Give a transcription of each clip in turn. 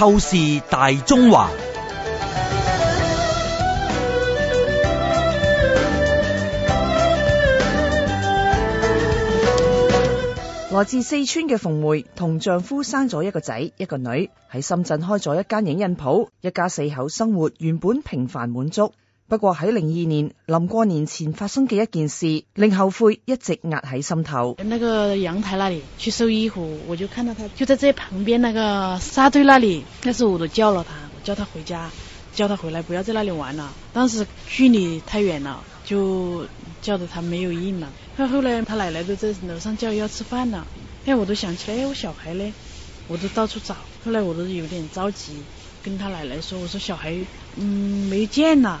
透視大中華，來自四川嘅馮梅同丈夫生咗一個仔一個女，喺深圳開咗一間影印鋪，一家四口生活原本平凡滿足。不過喺零二年臨過年前發生嘅一件事，令後悔一直壓喺心頭。那個陽台那裏去收衣服，我就看到他，就在這旁邊那個沙堆那裏。那時我都叫了他，我叫他回家，叫他回來，不要在那裏玩了，當時距離太遠了，就叫得他沒有應了。但後來他奶奶都在樓上叫要吃飯了。哎，我都想起來，哎，我小孩呢，我都到處找。後來我都有點着急，跟他奶奶說，我說小孩，嗯，沒見了。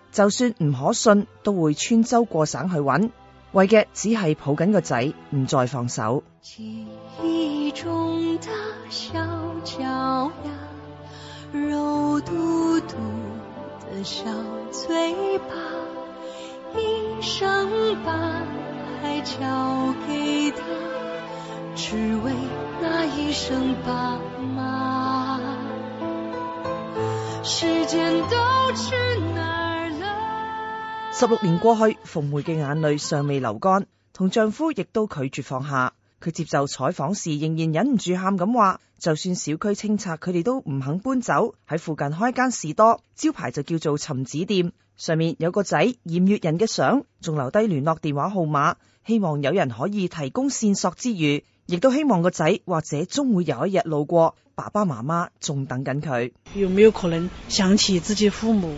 就算唔可信，都會穿州過省去揾，為嘅只係抱緊個仔，唔再放手。記憶中的小腳丫，肉嘟嘟的小嘴巴，一生把愛交給他，只為那一聲爸媽。時間都去哪？十六年過去，馮梅嘅眼淚尚未流乾，同丈夫亦都拒絕放下。佢接受採訪時仍然忍唔住喊咁話：就算小區清拆，佢哋都唔肯搬走。喺附近開間士多，招牌就叫做尋子店，上面有個仔鹽月人嘅相，仲留低聯絡電話號碼，希望有人可以提供線索之餘，亦都希望個仔或者終會有一日路過，爸爸媽媽仲等緊佢。有冇可能想起自己父母？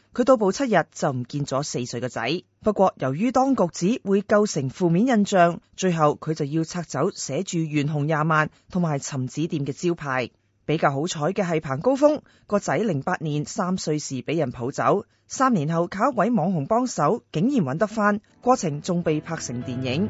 佢到步七日就唔見咗四歲嘅仔，不過由於當局指會構成負面印象，最後佢就要拆走寫住懸紅廿萬同埋尋子店嘅招牌。比較好彩嘅係彭高峰個仔，零八年三歲時俾人抱走，三年後靠一位網紅幫手，竟然揾得返，過程仲被拍成電影。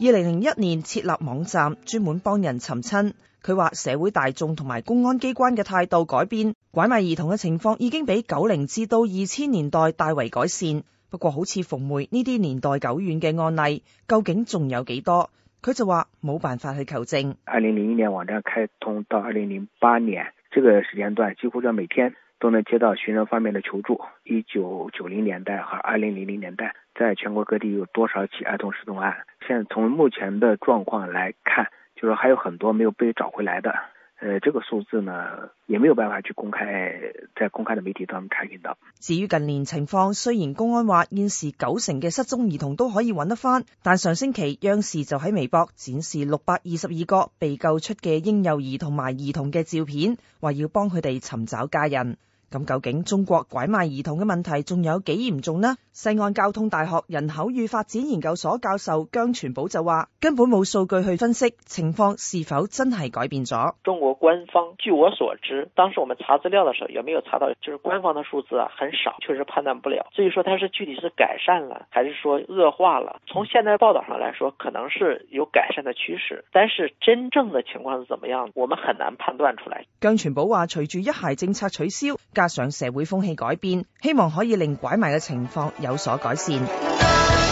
二零零一年設立網站，專門幫人尋親。佢話社會大眾同埋公安機關嘅態度改變，拐賣兒童嘅情況已經比九零至到二千年代大為改善。不過，好似馮梅呢啲年代久遠嘅案例，究竟仲有幾多？佢就話冇辦法去求證。二零零一年網站開通到二零零八年，這個時間段幾乎每天都能接到尋人方面的求助。一九九零年代和二零零零年代。在全國各地有多少起兒童失蹤案？現在從目前的狀況來看，就是還有很多沒有被找回來的。呃，這個數字呢，也沒有辦法去公開在公開的媒體當中查詢到。至於近年情況，雖然公安話現時九成嘅失蹤兒童都可以揾得翻，但上星期央視就喺微博展示六百二十二個被救出嘅嬰幼兒同埋兒童嘅照片，話要幫佢哋尋找家人。咁究竟中國拐賣兒童嘅問題仲有幾嚴重呢？西安交通大學人口與發展研究所教授姜全保就話：根本冇數據去分析情況是否真係改變咗。中國官方據我所知，當時我們查資料的時候，也沒有查到，就是官方的數字啊，很少，確實判斷不了。所以說，它是具體是改善了，還是說惡化了？從現在報道上來說，可能是有改善的趨勢，但是真正的情況是怎麼樣，我們很難判斷出來。姜全保話：隨住一孩政策取消。加上社會風氣改變，希望可以令拐賣嘅情況有所改善。